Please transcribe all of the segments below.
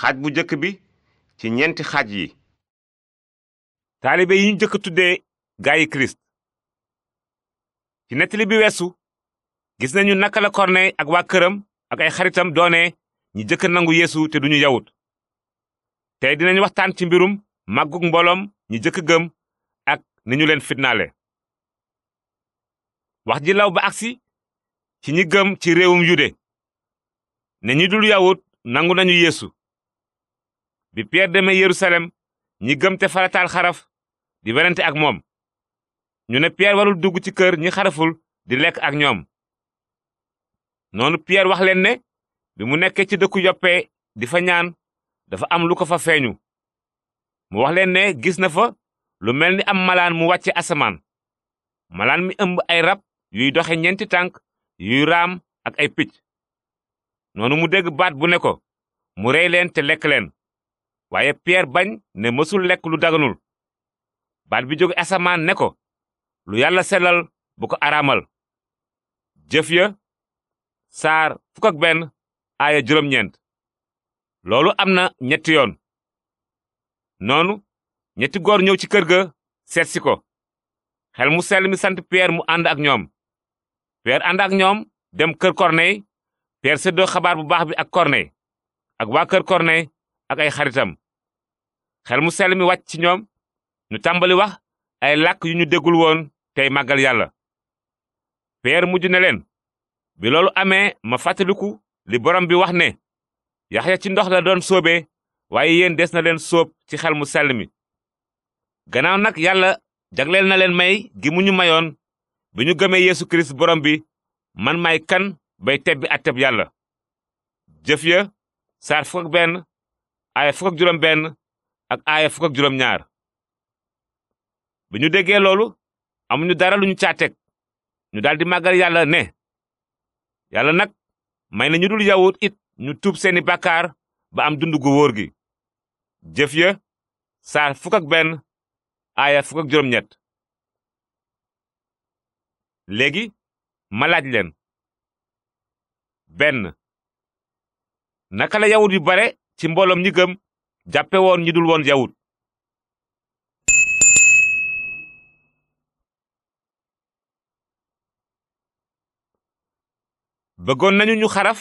xaaj bu njëkk bi ci ñeenti xaaj yi taalibe yi ñu jëkk tuddee gaayi kirist ci nettali bi weesu gis nañu naka la korney ak waa këram ak ay xaritam doone ñi jëkk nangu yeesu te duñu yawut te dinañu waxtaan ci mbirum màggug mbooloom ñi jëkk gëm ak ni ñu leen fitnaale wax jilaw ba agsi ci ñi gëm ci réewum yude ne ñi dul yawut nangu nañu yeesu bi Pierre demee Yerusalem ñi gëm te farataal xaraf di werante ak moom ñu ne Pierre warul dugg ci kër ñi xaraful di lekk ak ñoom noonu Pierre wax leen ne bi mu nekkee ci dëkku yoppe di fa ñaan dafa am lu ko fa feeñu mu wax leen ne gis na fa lu mel ni am malaan mu wàcce asamaan malaan mi ëmb ay rab yuy doxe ñeenti tànk yuy raam ak ay picc noonu mu dégg baat bu ne ko mu rey leen te lekk leen waaye Pierre bañ ne mësul lekk lu daganul baat bi jóge asamaan ne ko lu yàlla selal bu ko araamal jëf ya saar fukk ak benn aaya juróom-ñeent loolu am na ñetti yoon noonu ñetti góor ñëw ci kër ga seet ko xel mu sell mi sant Pierre mu ànd ak ñoom Pierre ànd ak ñoom dem kër Corneille Pierre séddoo xabaar bu baax bi ak Corneille ak waa kër Corneille ak ay xaritam xel mu sell mi wàcc ci ñoom ñu tàmbali wax ay làkk yu ñu déggul woon tey màggal yàlla Pierre mujj ne leen bi loolu amee ma fàttaliku li borom bi wax ne Yaxya ci ndox la doon sóobee waaye yéen des na leen sóob ci xel mu sell mi gannaaw nag yàlla jagleel na leen may gi mu ñu mayoon bi ñu gëmee Yeesu Kirist borom bi man may kan bay tebbi atteb yàlla jëf ya saar fukk benn aaya fukk ak ak aaya fukk ak bi ñu déggee loolu amuñu dara lu ñu caateeg ñu daldi màggal yàlla ne yàlla nag may na ñu dul yawut it ñu tuub seeni bakaar ba am dund gu wóor gi jëf ya saar fukk ak benn aaya fukk juróom ñett léegi malaaj laaj leen benn naka la yawut yu bare ci mbooloom ñi gëm jàppe woon dul woon yawut bëggoon nañu ñu xaraf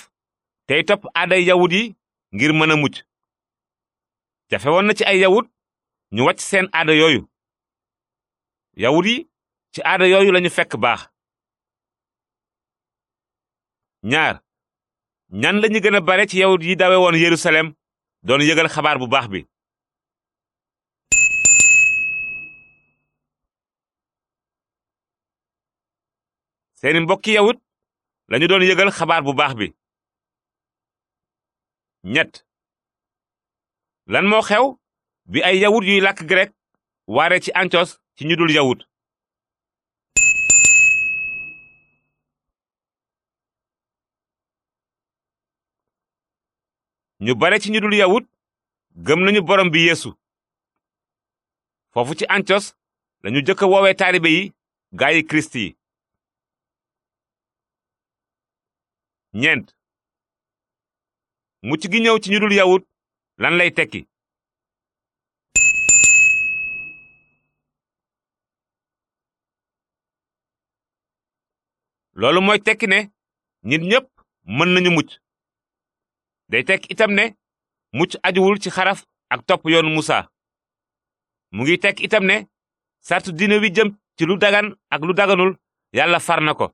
tey topp aaday yawut yi ngir mën a mucc jafe woon na ci ay yawut ñu wacc seen aada yooyu yawut yi ci aada yooyu lañu fekk baax ñaar ñan lañu gën a bare ci yawut yi dawe woon yerusalem doon yëgal xabaar bu baax bi seeni mbokki yawut lañu doon yëgal xabaar bu baax bi ñett lan moo xew bi ay yawut yuy làkk grek waare ci antios ci ñu dul yawut ñu bare ci ñu dul yawut gëm nañu borom bi yeesu foofu ci antiyos lañu jëkk woowee taalibe yi gaayi kirist yi ñeent mucc gi ñëw ci ñu dul yawut lan lay tekki loolu mooy tekki ne nit ñépp mën nañu mucc day tekk itam ne mucc ajuwul ci xaraf ak topp yoon musa mu ngi tekk itam ne sart diine wi jëm ci lu dagan ak lu daganul yàlla far na ko